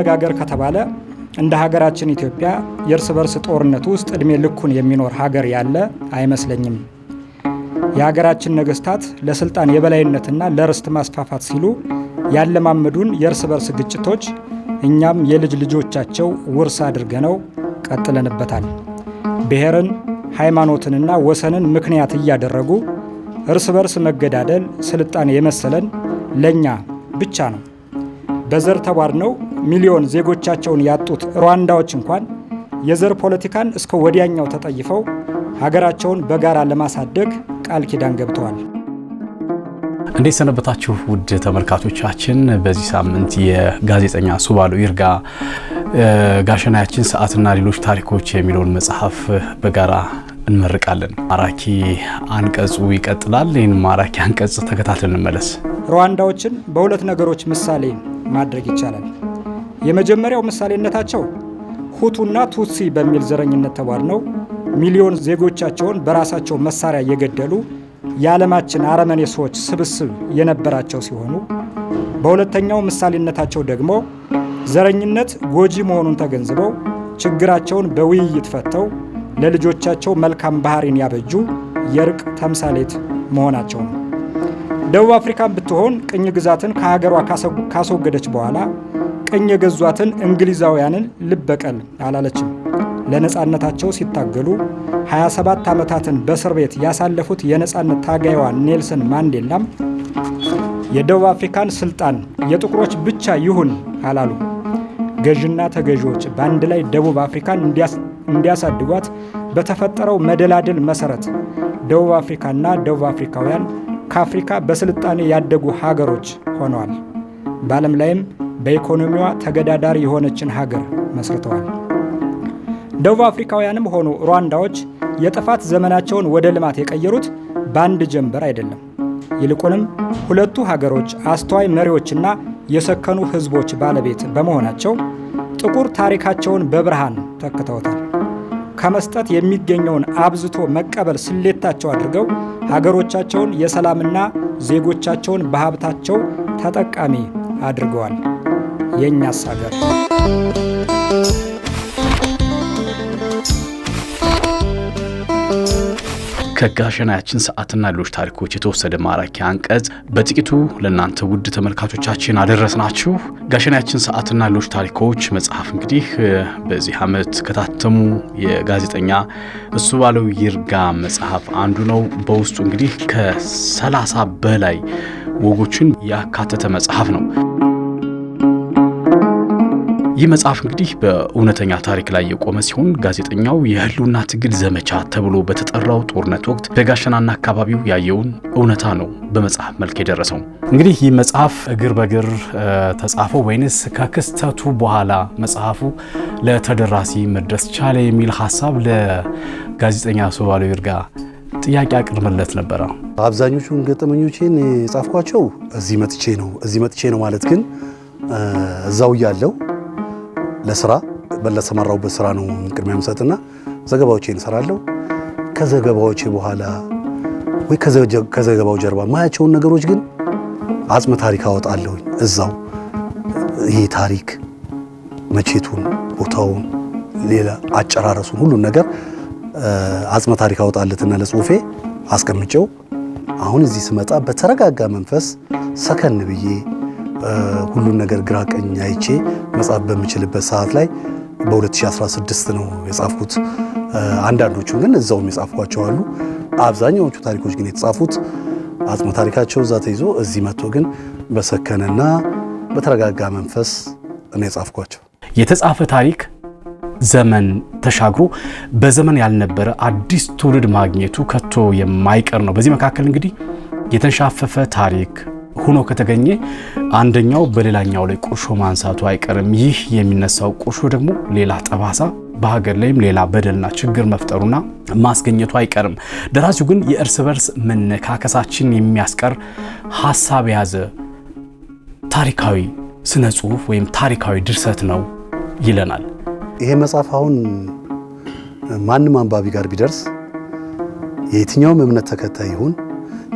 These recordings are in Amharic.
እንነጋገር ከተባለ እንደ ሀገራችን ኢትዮጵያ የእርስ በርስ ጦርነት ውስጥ እድሜ ልኩን የሚኖር ሀገር ያለ አይመስለኝም። የሀገራችን ነገስታት ለስልጣን የበላይነትና ለርስት ማስፋፋት ሲሉ ያለማመዱን የእርስ በርስ ግጭቶች እኛም የልጅ ልጆቻቸው ውርስ አድርገነው ቀጥለንበታል። ብሔርን፣ ሃይማኖትንና ወሰንን ምክንያት እያደረጉ እርስ በርስ መገዳደል ስልጣን የመሰለን ለእኛ ብቻ ነው። በዘር ተቧድነው ሚሊዮን ዜጎቻቸውን ያጡት ሩዋንዳዎች እንኳን የዘር ፖለቲካን እስከ ወዲያኛው ተጠይፈው ሀገራቸውን በጋራ ለማሳደግ ቃል ኪዳን ገብተዋል። እንዴት ሰነበታችሁ ውድ ተመልካቾቻችን። በዚህ ሳምንት የጋዜጠኛ ሱባሉ ይርጋ ጋሸናያችን ሰዓትና ሌሎች ታሪኮች የሚለውን መጽሐፍ በጋራ እንመርቃለን። ማራኪ አንቀጹ ይቀጥላል። ይህን ማራኪ አንቀጽ ተከታትለን እንመለስ። ሩዋንዳዎችን በሁለት ነገሮች ምሳሌ ማድረግ ይቻላል። የመጀመሪያው ምሳሌነታቸው ሁቱና ቱሲ በሚል ዘረኝነት ነው ሚሊዮን ዜጎቻቸውን በራሳቸው መሳሪያ የገደሉ የዓለማችን አረመኔ ሰዎች ስብስብ የነበራቸው ሲሆኑ በሁለተኛው ምሳሌነታቸው ደግሞ ዘረኝነት ጎጂ መሆኑን ተገንዝበው ችግራቸውን በውይይት ፈተው ለልጆቻቸው መልካም ባህሪን ያበጁ የእርቅ ተምሳሌት መሆናቸው ነው። ደቡብ አፍሪካን ብትሆን ቅኝ ግዛትን ከሀገሯ ካስወገደች በኋላ ቅኝ የገዟትን እንግሊዛውያንን ልበቀል አላለችም። ለነፃነታቸው ሲታገሉ 27 ዓመታትን በእስር ቤት ያሳለፉት የነፃነት ታጋይዋ ኔልሰን ማንዴላም የደቡብ አፍሪካን ስልጣን የጥቁሮች ብቻ ይሁን አላሉ። ገዥና ተገዢዎች በአንድ ላይ ደቡብ አፍሪካን እንዲያሳድጓት በተፈጠረው መደላደል መሰረት ደቡብ አፍሪካና ደቡብ አፍሪካውያን ከአፍሪካ በስልጣኔ ያደጉ ሀገሮች ሆነዋል። በዓለም ላይም በኢኮኖሚዋ ተገዳዳሪ የሆነችን ሀገር መስርተዋል። ደቡብ አፍሪካውያንም ሆኑ ሩዋንዳዎች የጥፋት ዘመናቸውን ወደ ልማት የቀየሩት በአንድ ጀንበር አይደለም። ይልቁንም ሁለቱ ሀገሮች አስተዋይ መሪዎችና የሰከኑ ሕዝቦች ባለቤት በመሆናቸው ጥቁር ታሪካቸውን በብርሃን ተክተውታል። ከመስጠት የሚገኘውን አብዝቶ መቀበል ስሌታቸው አድርገው ሀገሮቻቸውን የሰላምና ዜጎቻቸውን በሀብታቸው ተጠቃሚ አድርገዋል። የእኛስ ሀገር ከጋሸናያችን ሰዓትና ሌሎች ታሪኮች የተወሰደ ማራኪ አንቀጽ በጥቂቱ ለእናንተ ውድ ተመልካቾቻችን አደረስናችሁ። ጋሸናያችን ሰዓትና ሌሎች ታሪኮች መጽሐፍ እንግዲህ በዚህ ዓመት ከታተሙ የጋዜጠኛ እሱ ባለው ይርጋ መጽሐፍ አንዱ ነው። በውስጡ እንግዲህ ከሰላሳ በላይ ወጎችን ያካተተ መጽሐፍ ነው። ይህ መጽሐፍ እንግዲህ በእውነተኛ ታሪክ ላይ የቆመ ሲሆን ጋዜጠኛው የህልውና ትግል ዘመቻ ተብሎ በተጠራው ጦርነት ወቅት በጋሸናና አካባቢው ያየውን እውነታ ነው በመጽሐፍ መልክ የደረሰው። እንግዲህ ይህ መጽሐፍ እግር በግር ተጻፈው ወይንስ ከክስተቱ በኋላ መጽሐፉ ለተደራሲ መድረስ ቻለ የሚል ሀሳብ ለጋዜጠኛ ሱባለው ይርጋ ጥያቄ አቅርብለት ነበረ። አብዛኞቹን ገጠመኞቼን የጻፍኳቸው እዚህ መጥቼ ነው። እዚህ መጥቼ ነው ማለት ግን እዛው እያለው ለስራ ለተሰማራሁበት ስራ ነው ቅድሚያ የምሰጥና ዘገባዎቼን እንሰራለሁ። ከዘገባዎቼ በኋላ ወይ ከዘገባው ጀርባ ማያቸውን ነገሮች ግን አጽመ ታሪክ አወጣለሁኝ እዛው ይሄ ታሪክ መቼቱን፣ ቦታውን፣ ሌላ አጨራረሱን ሁሉን ነገር አጽመ ታሪክ አወጣለትና ለጽሁፌ አስቀምጨው አሁን እዚህ ስመጣ በተረጋጋ መንፈስ ሰከን ብዬ ሁሉን ነገር ግራ ቀኝ አይቼ መጻፍ በምችልበት ሰዓት ላይ በ2016 ነው የጻፍኩት። አንዳንዶቹ ግን እዛውም የጻፍኳቸው አሉ። አብዛኛዎቹ ታሪኮች ግን የተጻፉት አጽሞ ታሪካቸው እዛ ተይዞ እዚህ መጥቶ ግን በሰከነና በተረጋጋ መንፈስ እኔ የጻፍኳቸው የተጻፈ ታሪክ ዘመን ተሻግሮ በዘመን ያልነበረ አዲስ ትውልድ ማግኘቱ ከቶ የማይቀር ነው። በዚህ መካከል እንግዲህ የተንሻፈፈ ታሪክ ሆኖ ከተገኘ አንደኛው በሌላኛው ላይ ቁርሾ ማንሳቱ አይቀርም። ይህ የሚነሳው ቁርሾ ደግሞ ሌላ ጠባሳ በሀገር ላይም ሌላ በደልና ችግር መፍጠሩና ማስገኘቱ አይቀርም። ደራሲው ግን የእርስ በርስ መነካከሳችን የሚያስቀር ሀሳብ የያዘ ታሪካዊ ስነ ጽሁፍ ወይም ታሪካዊ ድርሰት ነው ይለናል። ይሄ መጽሐፍ አሁን ማንም አንባቢ ጋር ቢደርስ የየትኛውም እምነት ተከታይ ይሁን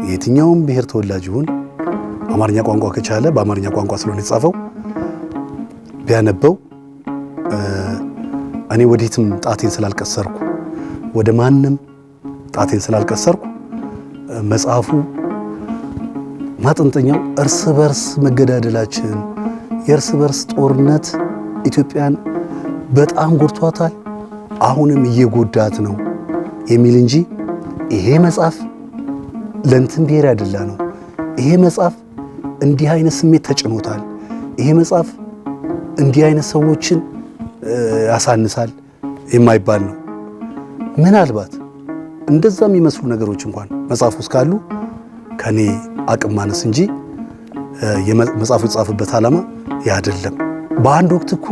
የየትኛውም ብሔር ተወላጅ ይሁን አማርኛ ቋንቋ ከቻለ በአማርኛ ቋንቋ ስለሆነ የተጻፈው ቢያነበው እኔ ወዴትም ጣቴን ስላልቀሰርኩ ወደ ማንም ጣቴን ስላልቀሰርኩ መጽሐፉ ማጠንጠኛው እርስ በርስ መገዳደላችን የእርስ በርስ ጦርነት ኢትዮጵያን በጣም ጎድቷታል፣ አሁንም እየጎዳት ነው የሚል እንጂ ይሄ መጽሐፍ ለእንትን ብሔር ያደላ ነው። ይሄ መጽሐፍ እንዲህ አይነት ስሜት ተጭኖታል። ይሄ መጽሐፍ እንዲህ አይነት ሰዎችን ያሳንሳል የማይባል ነው። ምናልባት እንደዛ የሚመስሉ ነገሮች እንኳን መጽሐፍ ውስጥ ካሉ ከኔ አቅም ማነስ እንጂ መጽሐፉ የተጻፈበት ዓላማ ያደለም። በአንድ ወቅት እኮ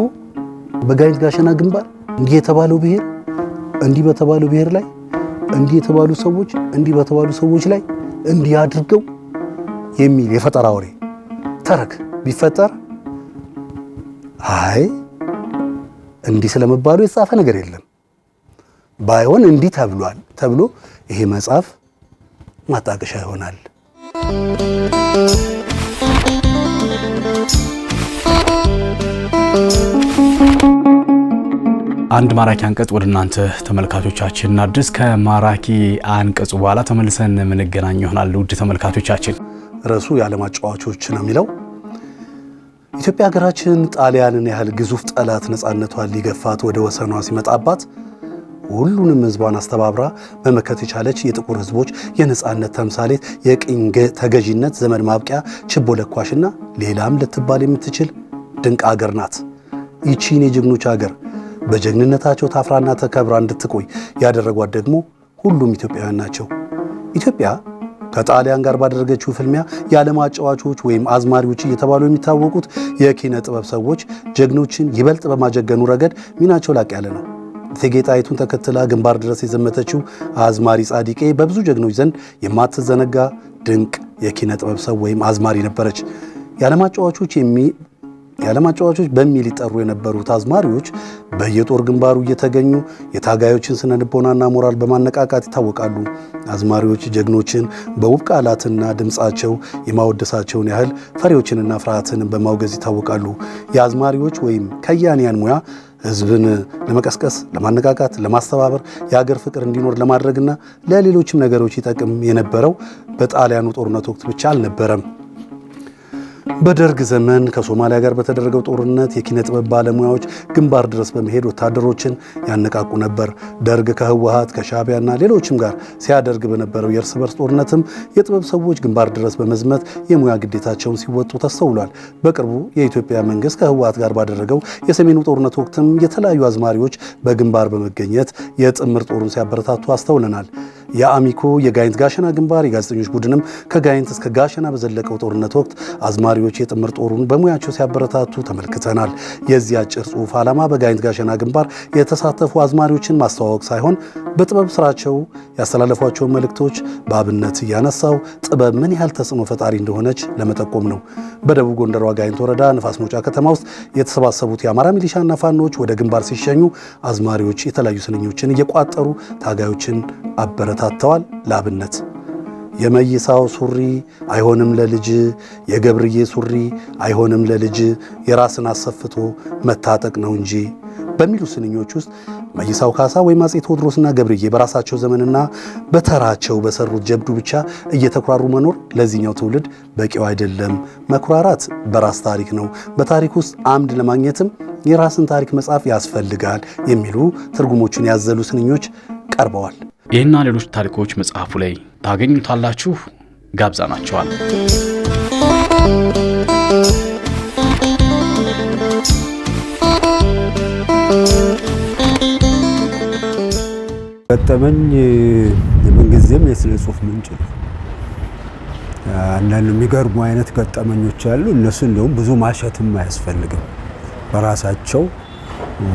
በጋይንት ጋሸና ግንባር እንዲህ የተባለው ብሔር እንዲህ በተባለው ብሔር ላይ እንዲህ የተባሉ ሰዎች እንዲህ በተባሉ ሰዎች ላይ እንዲህ አድርገው የሚል የፈጠራ ወሬ ተረክ ቢፈጠር አይ እንዲህ ስለመባሉ የተጻፈ ነገር የለም ባይሆን እንዲህ ተብሏል ተብሎ ይሄ መጽሐፍ ማጣቀሻ ይሆናል። አንድ ማራኪ አንቀጽ ወደ እናንተ ተመልካቾቻችን እናድርስ። ከማራኪ አንቀጹ በኋላ ተመልሰን የምንገናኝ ይሆናል። ውድ ተመልካቾቻችን ርዕሱ የዓለም አጫዋቾች ነው የሚለው። ኢትዮጵያ ሀገራችን ጣሊያንን ያህል ግዙፍ ጠላት ነፃነቷን ሊገፋት ወደ ወሰኗ ሲመጣባት ሁሉንም ህዝቧን አስተባብራ መመከት የቻለች የጥቁር ህዝቦች የነፃነት ተምሳሌት፣ የቅኝ ተገዥነት ዘመን ማብቂያ ችቦ ለኳሽና ሌላም ልትባል የምትችል ድንቅ አገር ናት። ይቺን የጀግኖች አገር በጀግንነታቸው ታፍራና ተከብራ እንድትቆይ ያደረጓት ደግሞ ሁሉም ኢትዮጵያውያን ናቸው። ኢትዮጵያ ከጣሊያን ጋር ባደረገችው ፍልሚያ የዓለም አጫዋቾች ወይም አዝማሪዎች እየተባሉ የሚታወቁት የኪነ ጥበብ ሰዎች ጀግኖችን ይበልጥ በማጀገኑ ረገድ ሚናቸው ላቅ ያለ ነው። እቴጌ ጣይቱን ተከትላ ግንባር ድረስ የዘመተችው አዝማሪ ጻዲቄ በብዙ ጀግኖች ዘንድ የማትዘነጋ ድንቅ የኪነ ጥበብ ሰው ወይም አዝማሪ ነበረች። የዓለም አጫዋቾች የዓለም አጫዋቾች በሚል ይጠሩ የነበሩት አዝማሪዎች በየጦር ግንባሩ እየተገኙ የታጋዮችን ስነ ልቦናና ሞራል በማነቃቃት ይታወቃሉ። አዝማሪዎች ጀግኖችን በውብ ቃላትና ድምፃቸው የማወደሳቸውን ያህል ፈሪዎችንና ፍርሃትን በማውገዝ ይታወቃሉ። የአዝማሪዎች ወይም ከያንያን ሙያ ህዝብን ለመቀስቀስ፣ ለማነቃቃት፣ ለማስተባበር የሀገር ፍቅር እንዲኖር ለማድረግና ለሌሎችም ነገሮች ይጠቅም የነበረው በጣሊያኑ ጦርነት ወቅት ብቻ አልነበረም። በደርግ ዘመን ከሶማሊያ ጋር በተደረገው ጦርነት የኪነ ጥበብ ባለሙያዎች ግንባር ድረስ በመሄድ ወታደሮችን ያነቃቁ ነበር። ደርግ ከህወሀት ከሻቢያና ሌሎችም ጋር ሲያደርግ በነበረው የእርስ በርስ ጦርነትም የጥበብ ሰዎች ግንባር ድረስ በመዝመት የሙያ ግዴታቸውን ሲወጡ ተስተውሏል። በቅርቡ የኢትዮጵያ መንግስት ከህወሀት ጋር ባደረገው የሰሜኑ ጦርነት ወቅትም የተለያዩ አዝማሪዎች በግንባር በመገኘት የጥምር ጦሩን ሲያበረታቱ አስተውለናል። የአሚኮ የጋይንት ጋሸና ግንባር የጋዜጠኞች ቡድንም ከጋይንት እስከ ጋሸና በዘለቀው ጦርነት ወቅት አዝማሪ ተማሪዎች የጥምር ጦሩን በሙያቸው ሲያበረታቱ ተመልክተናል። የዚህ አጭር ጽሑፍ ዓላማ በጋይንት ጋሸና ግንባር የተሳተፉ አዝማሪዎችን ማስተዋወቅ ሳይሆን በጥበብ ስራቸው ያስተላለፏቸውን መልእክቶች በአብነት እያነሳው ጥበብ ምን ያህል ተጽዕኖ ፈጣሪ እንደሆነች ለመጠቆም ነው። በደቡብ ጎንደሯ ጋይንት ወረዳ ንፋስ መውጫ ከተማ ውስጥ የተሰባሰቡት የአማራ ሚሊሻና ፋኖች ወደ ግንባር ሲሸኙ አዝማሪዎች የተለያዩ ስንኞችን እየቋጠሩ ታጋዮችን አበረታተዋል። ለአብነት የመይሳው ሱሪ አይሆንም ለልጅ፣ የገብርዬ ሱሪ አይሆንም ለልጅ፣ የራስን አሰፍቶ መታጠቅ ነው እንጂ በሚሉ ስንኞች ውስጥ መይሳው ካሳ ወይም አጼ ቴዎድሮስና ገብርዬ በራሳቸው ዘመንና በተራቸው በሰሩት ጀብዱ ብቻ እየተኩራሩ መኖር ለዚህኛው ትውልድ በቂው አይደለም። መኩራራት በራስ ታሪክ ነው። በታሪክ ውስጥ አምድ ለማግኘትም የራስን ታሪክ መጻፍ ያስፈልጋል የሚሉ ትርጉሞቹን ያዘሉ ስንኞች ቀርበዋል። ይህና ሌሎች ታሪኮች መጽሐፉ ላይ ታገኙታላችሁ። ጋብዛ ናቸዋል። ገጠመኝ ምንጊዜም የስነ ጽሁፍ ምንጭ ነው። አንዳንድ የሚገርሙ አይነት ገጠመኞች አሉ። እነሱ እንደውም ብዙ ማሸትም አያስፈልግም። በራሳቸው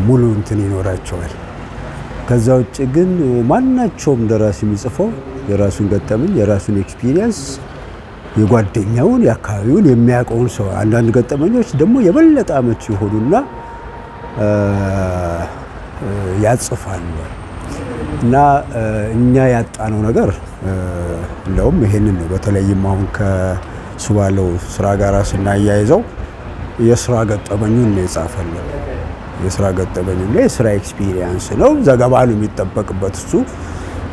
ሙሉ እንትን ይኖራቸዋል። ከዛ ውጭ ግን ማናቸውም ደራሲ የሚጽፈው የራሱን ገጠመኝ የራሱን ኤክስፒሪየንስ የጓደኛውን የአካባቢውን የሚያውቀውን ሰው አንዳንድ ገጠመኞች ደግሞ የበለጠ አመች የሆኑና ያጽፋሉ እና እኛ ያጣነው ነገር እንደውም ይሄንን ነው። በተለይም አሁን ከሱ ባለው ስራ ጋር ስናያይዘው የስራ ገጠመኙን ነው የጻፈልን። የስራ ገጠመኙ የስራ ኤክስፒሪየንስ ነው። ዘገባ ነው የሚጠበቅበት እሱ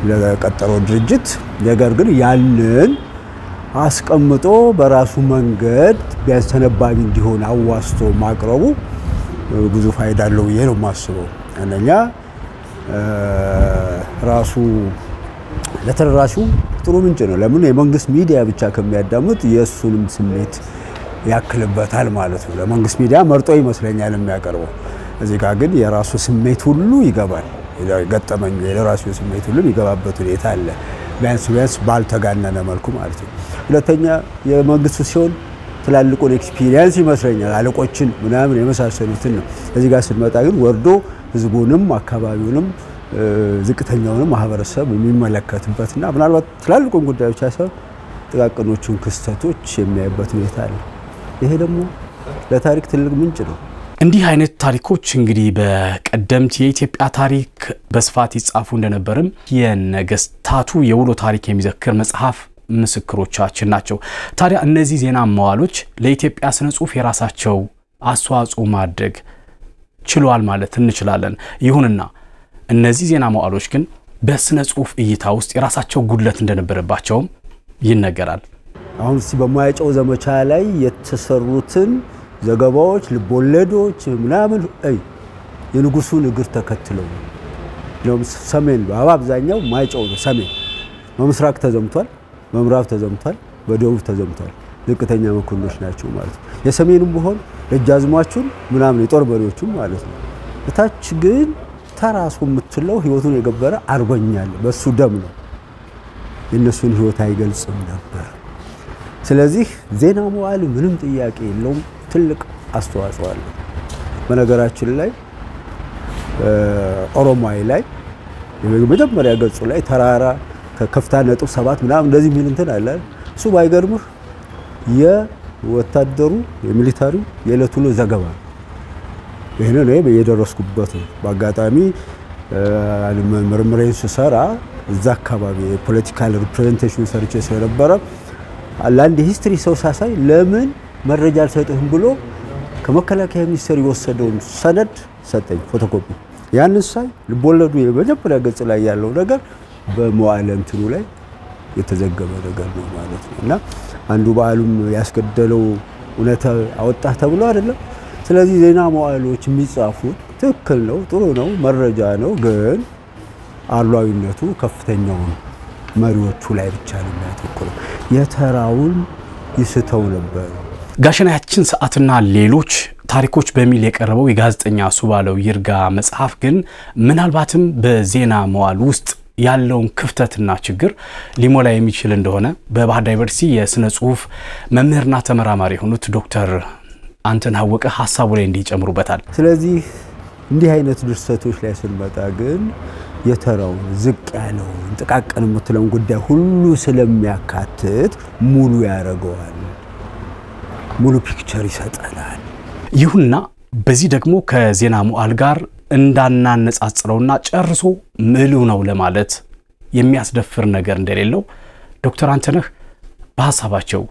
ለቀጠረው ድርጅት። ነገር ግን ያንን አስቀምጦ በራሱ መንገድ ቢያንስ ተነባቢ እንዲሆን አዋስቶ ማቅረቡ ብዙ ፋይዳ አለው ብዬ ነው የማስበው። አንደኛ ራሱ ለተደራሹ ጥሩ ምንጭ ነው። ለምን የመንግስት ሚዲያ ብቻ ከሚያዳምጥ የእሱንም ስሜት ያክልበታል ማለት ነው። ለመንግስት ሚዲያ መርጦ ይመስለኛል የሚያቀርበው። እዚህ ጋር ግን የራሱ ስሜት ሁሉ ይገባል። ገጠመኝ የራሱ ስሜት ሁሉም ይገባበት ሁኔታ አለ። ቢያንስ ቢያንስ ባልተጋነነ መልኩ ማለት ነው። ሁለተኛ የመንግስቱ ሲሆን ትላልቁን ኤክስፒሪየንስ ይመስለኛል አለቆችን ምናምን የመሳሰሉትን ነው። እዚህ ጋር ስንመጣ ግን ወርዶ ህዝቡንም አካባቢውንም ዝቅተኛውንም ማህበረሰብ የሚመለከትበትና ምናልባት ትላልቁን ጉዳይ ብቻ ጥቃቅኖቹን ክስተቶች የሚያይበት ሁኔታ አለ። ይሄ ደግሞ ለታሪክ ትልቅ ምንጭ ነው። እንዲህ አይነት ታሪኮች እንግዲህ በቀደምት የኢትዮጵያ ታሪክ በስፋት ይጻፉ እንደነበርም የነገስታቱ የውሎ ታሪክ የሚዘክር መጽሐፍ ምስክሮቻችን ናቸው። ታዲያ እነዚህ ዜና መዋሎች ለኢትዮጵያ ስነ ጽሁፍ የራሳቸው አስተዋጽኦ ማድረግ ችሏል ማለት እንችላለን። ይሁንና እነዚህ ዜና መዋሎች ግን በስነ ጽሁፍ እይታ ውስጥ የራሳቸው ጉድለት እንደነበረባቸውም ይነገራል። አሁን እስቲ ዘመቻ ላይ የተሰሩትን ዘገባዎች፣ ልቦለዶች ምናምን የንጉሱን እግር ተከትለው ሰሜን በአብዛኛው ማይጨው ነው። ሰሜን በምስራቅ ተዘምቷል፣ በምዕራብ ተዘምቷል፣ በደቡብ ተዘምቷል። ዝቅተኛ መኮንኖች ናቸው ማለት ነው። የሰሜንም ቢሆን ደጃዝማቹን ምናምን የጦር መሪዎቹም ማለት ነው። እታች ግን ተራሱ የምትለው ህይወቱን የገበረ አርበኛል። በሱ ደም ነው የእነሱን ህይወት አይገልጽም ነበር። ስለዚህ ዜና መዋል ምንም ጥያቄ የለውም። ትልቅ አስተዋጽኦ አለው። በነገራችን ላይ ኦሮማይ ላይ መጀመሪያ ገጹ ላይ ተራራ ከከፍታ ነጥብ ሰባት ምናምን እንደዚህ የሚል እንትን አለ። እሱ ባይገርምህ የወታደሩ የሚሊታሪ የዕለት ውሎ ዘገባ ነው። ይህንን የደረስኩበት በአጋጣሚ ምርምሬን ስሰራ እዛ አካባቢ የፖለቲካል ሪፕሬዘንቴሽን ሰርቼ ስለነበረ ለአንድ ሂስትሪ ሰው ሳሳይ ለምን መረጃ አልሰጥህም ብሎ ከመከላከያ ሚኒስቴር የወሰደውን ሰነድ ሰጠኝ፣ ፎቶኮፒ። ያን ሳይ ልቦለዱ የመጀመሪያ ገጽ ላይ ያለው ነገር በመዋለ እንትኑ ላይ የተዘገበ ነገር ነው ማለት ነው። እና አንዱ በዓሉም ያስገደለው እውነት አወጣህ ተብሎ አይደለም። ስለዚህ ዜና መዋዕሎች የሚጻፉት ትክክል ነው፣ ጥሩ ነው፣ መረጃ ነው። ግን አሏዊነቱ ከፍተኛውን መሪዎቹ ላይ ብቻ ነው የሚያተኩረው። የተራውን ይስተው ነበር። ጋሸናያችን ሰዓትና ሌሎች ታሪኮች በሚል የቀረበው የጋዜጠኛ ሱባለው ይርጋ መጽሐፍ ግን ምናልባትም በዜና መዋል ውስጥ ያለውን ክፍተትና ችግር ሊሞላ የሚችል እንደሆነ በባህር ዳይቨርሲቲ የስነ ጽሁፍ መምህርና ተመራማሪ የሆኑት ዶክተር አንተን አወቀ ሀሳቡ ላይ እንዲህ ይጨምሩበታል። ስለዚህ እንዲህ አይነት ድርሰቶች ላይ ስንመጣ ግን የተራውን ዝቅ ያለውን ጥቃቅን የምትለውን ጉዳይ ሁሉ ስለሚያካትት ሙሉ ያደርገዋል። ሙሉ ፒክቸር ይሰጠናል። ይሁንና በዚህ ደግሞ ከዜና መዋዕል ጋር እንዳናነጻጽረውና ጨርሶ ምሉ ነው ለማለት የሚያስደፍር ነገር እንደሌለው ዶክተር አንተነህ በሀሳባቸው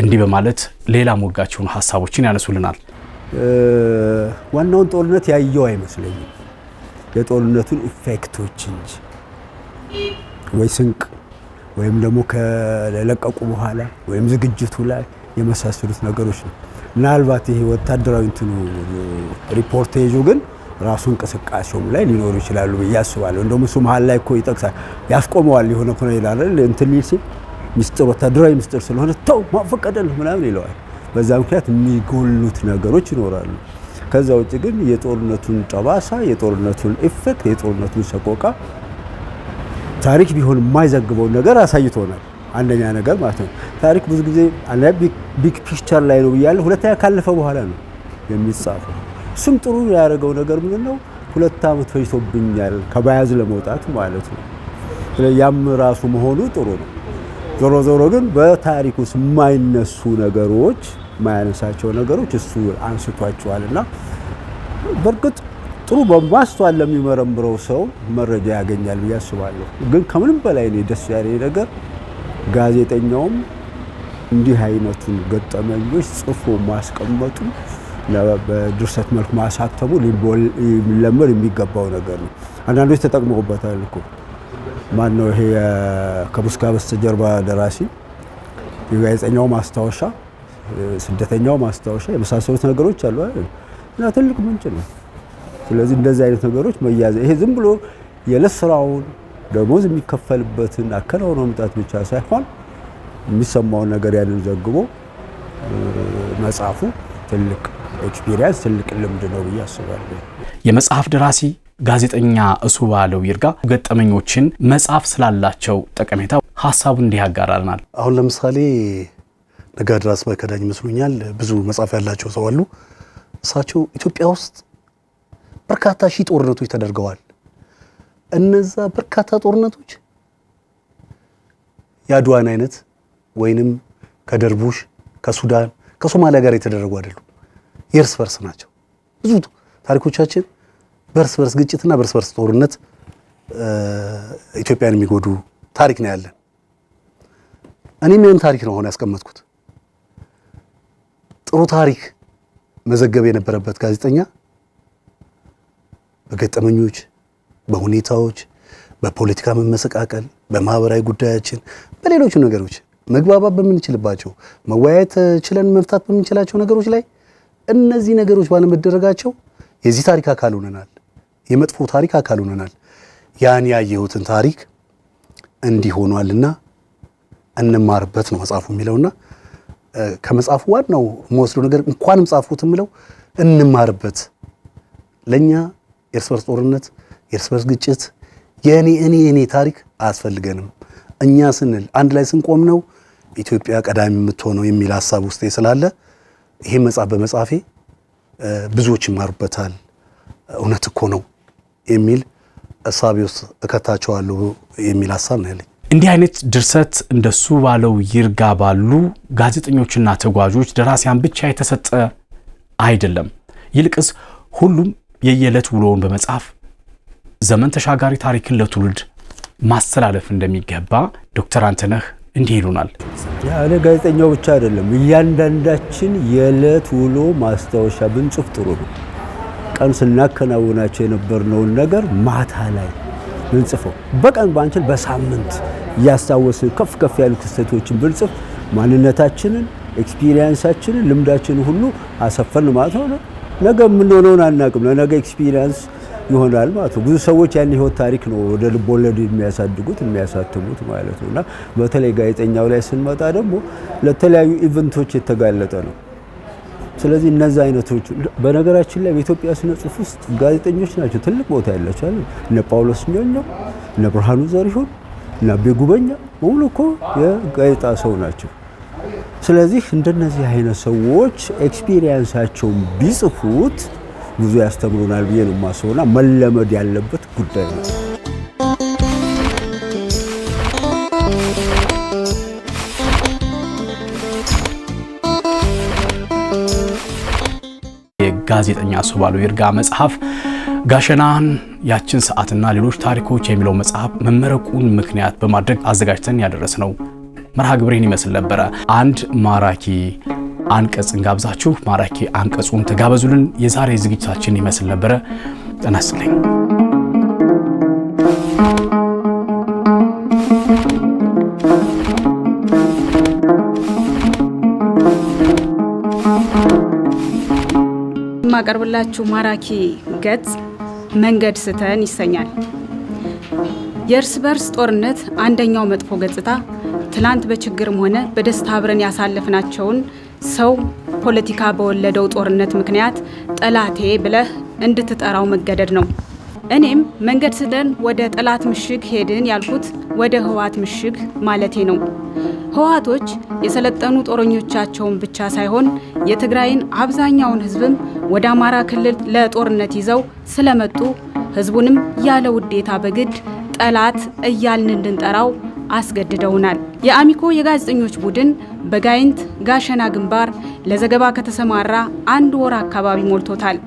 እንዲህ በማለት ሌላ ሞጋቸውን ሀሳቦችን ያነሱልናል። ዋናውን ጦርነት ያየው አይመስለኝም፣ የጦርነቱን ኢፌክቶች እንጂ ወይ ስንቅ ወይም ደግሞ ከለቀቁ በኋላ ወይም ዝግጅቱ ላይ የመሳሰሉት ነገሮች ነው። ምናልባት ይሄ ወታደራዊ እንትኑ ሪፖርቴጁ ግን ራሱ እንቅስቃሴውም ላይ ሊኖሩ ይችላሉ ብዬ አስባለሁ። እንደውም እሱ መሀል ላይ እኮ ይጠቅሳል፣ ያስቆመዋል። የሆነ ኮነ ይላል እንትን ሊል ሲል ሚስጥር ወታደራዊ ሚስጥር ስለሆነ ተው ማፈቀደል ምናምን ይለዋል። በዛ ምክንያት የሚጎሉት ነገሮች ይኖራሉ። ከዛ ውጭ ግን የጦርነቱን ጠባሳ፣ የጦርነቱን ኢፌክት፣ የጦርነቱን ሰቆቃ ታሪክ ቢሆን የማይዘግበውን ነገር አሳይቶናል። አንደኛ ነገር ማለት ነው። ታሪክ ብዙ ጊዜ ቢግ ፒክቸር ላይ ነው ብያለሁ። ሁለተኛ ካለፈ በኋላ ነው የሚጻፈው። እሱም ጥሩ ያደረገው ነገር ምንድን ነው? ሁለት ዓመት ፈጅቶብኛል ከባያዝ ለመውጣት ማለት ነው። ያም ራሱ መሆኑ ጥሩ ነው። ዞሮ ዞሮ ግን በታሪክ ውስጥ የማይነሱ ነገሮች የማያነሳቸው ነገሮች እሱ አንስቷቸዋልና እና በእርግጥ ጥሩ በማስተዋል ለሚመረምረው ሰው መረጃ ያገኛል ብዬ አስባለሁ። ግን ከምንም በላይ ደስ ያለኝ ነገር ጋዜጠኛውም እንዲህ አይነቱን ገጠመኞች ጽፎ ማስቀመጡ በድርሰት መልኩ ማሳተሙ ሊለመድ የሚገባው ነገር ነው። አንዳንዶች ተጠቅመውበታል እኮ። ማን ነው ይሄ ከሙስካ በስተጀርባ ደራሲ? የጋዜጠኛው ማስታወሻ፣ ስደተኛው ማስታወሻ የመሳሰሉት ነገሮች አሉ እና ትልቅ ምንጭ ነው። ስለዚህ እንደዚህ አይነት ነገሮች መያዝ ይሄ ዝም ብሎ የዕለት ስራውን ደሞዝ የሚከፈልበትን አከናውኖ መምጣት ብቻ ሳይሆን የሚሰማውን ነገር ያንን ዘግቦ መጽሐፉ ትልቅ ኤክስፒሪየንስ ትልቅ ልምድ ነው ብዬ አስባለሁ። የመጽሐፍ ደራሲ ጋዜጠኛ እሱ ባለው ይርጋ ገጠመኞችን መጽሐፍ ስላላቸው ጠቀሜታ ሀሳቡ እንዲህ ያጋራልናል። አሁን ለምሳሌ ነጋድራስ ራስ በከዳኝ ይመስሉኛል ብዙ መጽሐፍ ያላቸው ሰው አሉ። እሳቸው ኢትዮጵያ ውስጥ በርካታ ሺህ ጦርነቶች ተደርገዋል። እነዛ በርካታ ጦርነቶች የአድዋን አይነት ወይንም ከደርቡሽ ከሱዳን ከሶማሊያ ጋር የተደረጉ አይደሉም። የእርስ በርስ ናቸው። ብዙ ታሪኮቻችን በእርስ በርስ ግጭትና በእርስ በርስ ጦርነት ኢትዮጵያን የሚጎዱ ታሪክ ነው ያለን። እኔም ያን ታሪክ ነው አሁን ያስቀመጥኩት። ጥሩ ታሪክ መዘገብ የነበረበት ጋዜጠኛ በገጠመኞች በሁኔታዎች፣ በፖለቲካ መመሰቃቀል፣ በማህበራዊ ጉዳያችን፣ በሌሎቹ ነገሮች መግባባት በምንችልባቸው መወያየት ችለን መፍታት በምንችላቸው ነገሮች ላይ እነዚህ ነገሮች ባለመደረጋቸው የዚህ ታሪክ አካል ሆነናል። የመጥፎ ታሪክ አካል ሆነናል። ያን ያየሁትን ታሪክ እንዲህ ሆኗልና እንማርበት ነው መጽሐፉ የሚለውና ከመጽሐፉ ዋናው የምወስደው ነገር እንኳንም ጻፉት የምለው እንማርበት ለእኛ የእርስ በርስ ጦርነት የእርስ በርስ ግጭት፣ የእኔ እኔ እኔ ታሪክ አያስፈልገንም። እኛ ስንል አንድ ላይ ስንቆም ነው ኢትዮጵያ ቀዳሚ የምትሆነው የሚል ሀሳብ ውስጤ ስላለ ይሄን መጽሐፍ በመጻፌ ብዙዎች ይማሩበታል፣ እውነት እኮ ነው የሚል እሳቤ ውስጥ እከታቸዋለሁ የሚል ሀሳብ ነው ያለኝ። እንዲህ አይነት ድርሰት እንደሱ ባለው ይርጋ ባሉ ጋዜጠኞችና ተጓዦች ደራሲያን ብቻ የተሰጠ አይደለም። ይልቅስ ሁሉም የየዕለት ውሎውን በመጻፍ ዘመን ተሻጋሪ ታሪክን ለትውልድ ማስተላለፍ እንደሚገባ ዶክተር አንተነህ እንዲህ ይሉናል። እኔ ጋዜጠኛው ብቻ አይደለም፣ እያንዳንዳችን የዕለት ውሎ ማስታወሻ ብንጽፍ ጥሩ ነው። ቀን ስናከናውናቸው የነበርነውን ነገር ማታ ላይ ብንጽፈው፣ በቀን ባንችል በሳምንት እያስታወስን ከፍ ከፍ ያሉ ክስተቶችን ብንጽፍ ማንነታችንን፣ ኤክስፒሪየንሳችንን፣ ልምዳችን ሁሉ አሰፈን ማለት ነው። ነገ የምንሆነውን አናውቅም። ለነገ ኤክስፒሪየንስ ይሆናል ማለት ነው። ብዙ ሰዎች ያን ህይወት ታሪክ ነው ወደ ልቦለድ የሚያሳድጉት የሚያሳትሙት ማለት ነው። እና በተለይ ጋዜጠኛው ላይ ስንመጣ ደግሞ ለተለያዩ ኢቨንቶች የተጋለጠ ነው። ስለዚህ እነዚ አይነቶች በነገራችን ላይ በኢትዮጵያ ስነ ጽሁፍ ውስጥ ጋዜጠኞች ናቸው ትልቅ ቦታ ያላቸው እነ ጳውሎስ ኞኞ፣ እነ ብርሃኑ ዘሪሁን እና ቤጉበኛ በሙሉ እኮ የጋዜጣ ሰው ናቸው። ስለዚህ እንደነዚህ አይነት ሰዎች ኤክስፒሪየንሳቸውን ቢጽፉት ብዙ ያስተምሩናል ብዬ ነው የማስበውና መለመድ ያለበት ጉዳይ ነው። የጋዜጠኛ ሱባሎ ይርጋ መጽሐፍ ጋሸናን ያችን ሰዓትና ሌሎች ታሪኮች የሚለው መጽሐፍ መመረቁን ምክንያት በማድረግ አዘጋጅተን ያደረስ ነው። መርሃ ግብሬን ይመስል ነበረ። አንድ ማራኪ አንቀጽ እንጋብዛችሁ። ማራኪ አንቀጹን ተጋበዙልን። የዛሬ ዝግጅታችን ይመስል ነበረ። ጤና ይስጥልኝ። የማቀርብላችሁ ማራኪ ገጽ መንገድ ስተን ይሰኛል። የእርስ በርስ ጦርነት አንደኛው መጥፎ ገጽታ ትላንት በችግርም ሆነ በደስታ አብረን ያሳለፍናቸውን ሰው ፖለቲካ በወለደው ጦርነት ምክንያት ጠላቴ ብለህ እንድትጠራው መገደድ ነው። እኔም መንገድ ስለን ወደ ጠላት ምሽግ ሄድን ያልኩት ወደ ህወሓት ምሽግ ማለቴ ነው። ህወሓቶች የሰለጠኑ ጦረኞቻቸውን ብቻ ሳይሆን የትግራይን አብዛኛውን ህዝብም ወደ አማራ ክልል ለጦርነት ይዘው ስለመጡ ህዝቡንም ያለ ውዴታ በግድ ጠላት እያልን እንድንጠራው አስገድደውናል። የአሚኮ የጋዜጠኞች ቡድን በጋይንት ጋሸና ግንባር ለዘገባ ከተሰማራ አንድ ወር አካባቢ ሞልቶታል።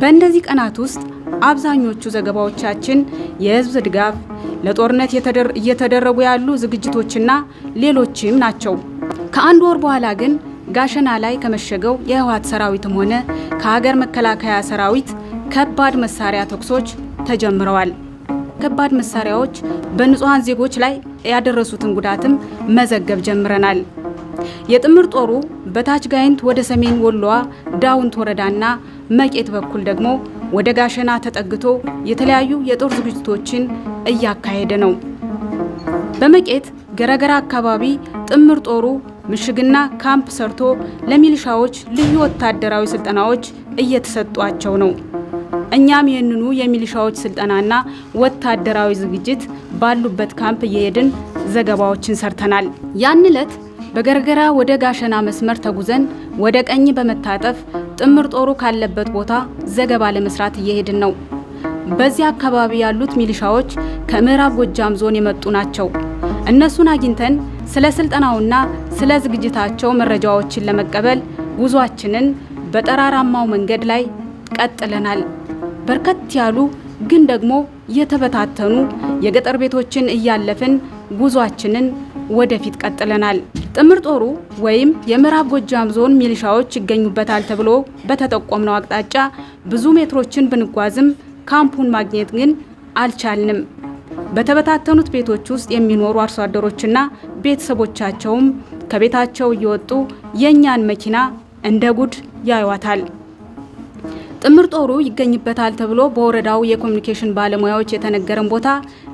በእነዚህ ቀናት ውስጥ አብዛኞቹ ዘገባዎቻችን የህዝብ ድጋፍ፣ ለጦርነት እየተደረጉ ያሉ ዝግጅቶችና ሌሎችም ናቸው። ከአንድ ወር በኋላ ግን ጋሸና ላይ ከመሸገው የህወሓት ሰራዊትም ሆነ ከሀገር መከላከያ ሰራዊት ከባድ መሳሪያ ተኩሶች ተጀምረዋል። ከባድ መሳሪያዎች በንጹሐን ዜጎች ላይ ያደረሱትን ጉዳትም መዘገብ ጀምረናል። የጥምር ጦሩ በታች ጋይንት ወደ ሰሜን ወሎዋ ዳውንት ወረዳና መቄት በኩል ደግሞ ወደ ጋሸና ተጠግቶ የተለያዩ የጦር ዝግጅቶችን እያካሄደ ነው። በመቄት ገረገራ አካባቢ ጥምር ጦሩ ምሽግና ካምፕ ሰርቶ ለሚሊሻዎች ልዩ ወታደራዊ ስልጠናዎች እየተሰጧቸው ነው። እኛም ይህንኑ የሚሊሻዎች ስልጠናና ወታደራዊ ዝግጅት ባሉበት ካምፕ እየሄድን ዘገባዎችን ሰርተናል። ያን ዕለት በገርገራ ወደ ጋሸና መስመር ተጉዘን ወደ ቀኝ በመታጠፍ ጥምር ጦሩ ካለበት ቦታ ዘገባ ለመስራት እየሄድን ነው። በዚህ አካባቢ ያሉት ሚሊሻዎች ከምዕራብ ጎጃም ዞን የመጡ ናቸው። እነሱን አግኝተን ስለ ስልጠናውና ስለ ዝግጅታቸው መረጃዎችን ለመቀበል ጉዟችንን በጠራራማው መንገድ ላይ ቀጥለናል። በርከት ያሉ ግን ደግሞ የተበታተኑ የገጠር ቤቶችን እያለፍን ጉዟችንን ወደፊት ቀጥለናል። ጥምር ጦሩ ወይም የምዕራብ ጎጃም ዞን ሚሊሻዎች ይገኙበታል ተብሎ በተጠቆምነው አቅጣጫ ብዙ ሜትሮችን ብንጓዝም ካምፑን ማግኘት ግን አልቻልንም። በተበታተኑት ቤቶች ውስጥ የሚኖሩ አርሶ አደሮችና ቤተሰቦቻቸውም ከቤታቸው እየወጡ የእኛን መኪና እንደ ጉድ ያዩዋታል። ጥምር ጦሩ ይገኝበታል ተብሎ በወረዳው የኮሚኒኬሽን ባለሙያዎች የተነገረን ቦታ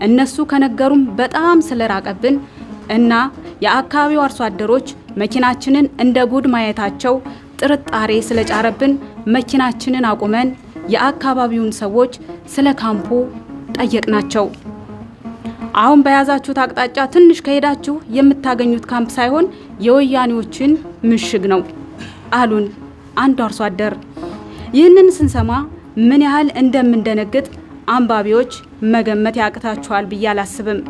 እነሱ ከነገሩም በጣም ስለራቀብን እና የአካባቢው አርሶ አደሮች መኪናችንን እንደ ጉድ ማየታቸው ጥርጣሬ ስለጫረብን መኪናችንን አቁመን የአካባቢውን ሰዎች ስለ ካምፑ ጠየቅናቸው። አሁን በያዛችሁት አቅጣጫ ትንሽ ከሄዳችሁ የምታገኙት ካምፕ ሳይሆን የወያኔዎችን ምሽግ ነው አሉን አንዱ አርሶ አደር። ይህንን ስንሰማ ምን ያህል እንደምንደነግጥ አንባቢዎች መገመት ያቅታችኋል ብዬ አላስብም።